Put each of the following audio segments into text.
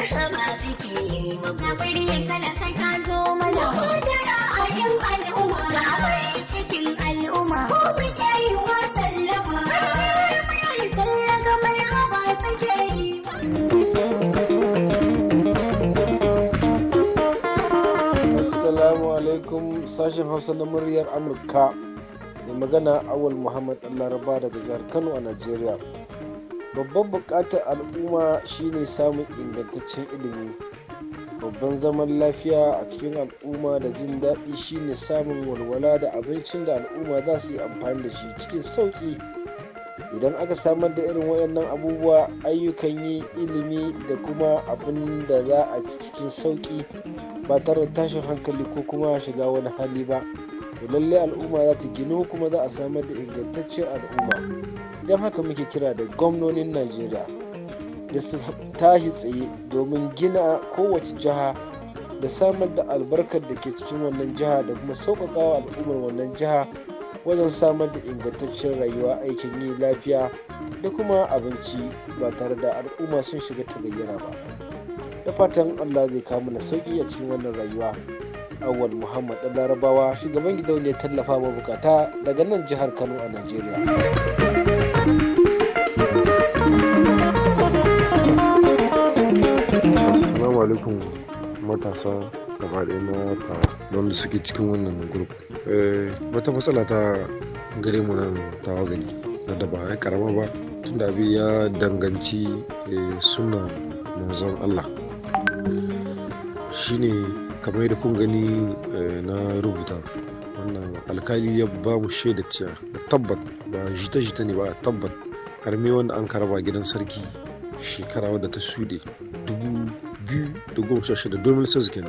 marhaba suke da maka muryar talaka ta zo mana ko tara a yan al'umma ga farin cikin al'umma ko muke yi wa sallama muryar talaka marhaba take yi Assalamu alaikum sashen Hausa na muryar Amurka mai magana awal Muhammad Allah raba daga jihar Kano a Najeriya. babban bukatar al'umma shine samun ingantaccen ilimi babban zaman lafiya a cikin al'umma da jin daɗi shine samun walwala da abincin da al'umma za su yi amfani da shi cikin sauƙi idan aka samar da irin wayannan abubuwa ayyukan yi ilimi da kuma abin da za a cikin sauƙi ba tare da tashin hankali ko kuma shiga wani hali ba. to lalle al'umma za ta gino kuma za a samar da ingantacciyar al'umma don haka muke kira da gwamnonin najeriya da su tashi tsaye domin gina kowace jiha da samar da albarkar da ke cikin wannan jiha da kuma wa al'ummar wannan jiha wajen samar da ingantaccen rayuwa aikin yi lafiya da kuma abinci ba tare da al'umma sun shiga ta gayyara ba da fatan allah zai kawo mana sauƙi a cikin wannan rayuwa awal muhammad ɗan larabawa shugaban gidauniyar tallafa bukata daga nan jihar kano a najeriya assalamu alaikum matasa gaba ɗaya na fara wanda suke cikin wannan grup eh, wata matsala ta gare mu nan tawa na da ba karama ba tunda abin ya danganci eh, suna manzon allah shine kamar da kun gani eh, na rubuta wannan alkali ya ba mu shaida cewa da tabbat ba jita-jita ne ba a tabbat harme wanda an karaba gidan sarki shekara wadda ta shuɗe dubu biyu da goma sha shida domin sas kenan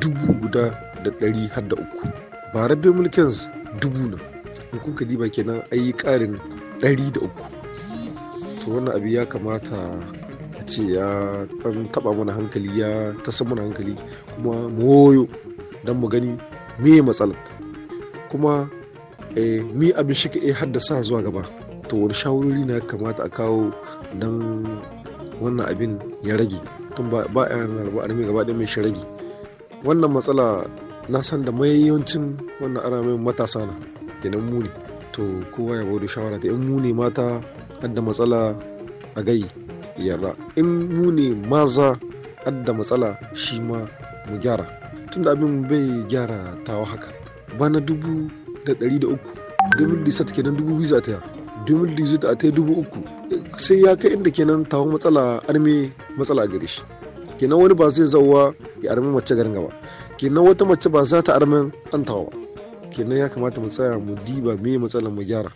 dubu guda da ɗari har uku ba rabbe mulkin dubu na in kuka diba kenan ayi ƙarin ɗari da uku to wannan abu ya kamata ce ya dan taba mana hankali ya tasa mana hankali kuma moyo don mu gani me matsalar kuma eh, mi abin shi ka iya haddasa zuwa gaba to wani shawarori na kamata a kawo don wannan abin ya rage tun ba a yana ba a gaba ɗaya mai shi rage wannan matsala na san da mayayancin wannan ana mai matasa na idan mu ne to kowa ya bada shawara ta 'yan mu ne mata hadda matsala a gayi yara in mu ne maza adda matsala shi ma mu gyara tunda abin bai gyara tawa haka bana dubu da ɗari da uku domin lisa kenan dubu biyu za ta domin da zuta ta dubu uku sai ya kai inda kenan tawa matsala arme matsala a gare shi kenan wani ba zai zauwa ya arme mace garin gaba kenan wata mace ba za ta arme an tawa ba kenan ya kamata mu tsaya mu diba me matsalar mu gyara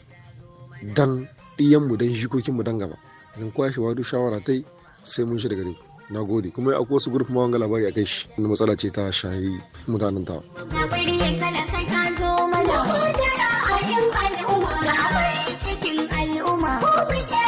dan ɗiyan mu dan jikokin mu dan gaba idan kowa shi wadu shawara tai sai mun shi daga gare na gode kuma akwai wasu gurfi ma wanga labari a kai shi wani matsala ce ta shahi mutanen ta al'umma cikin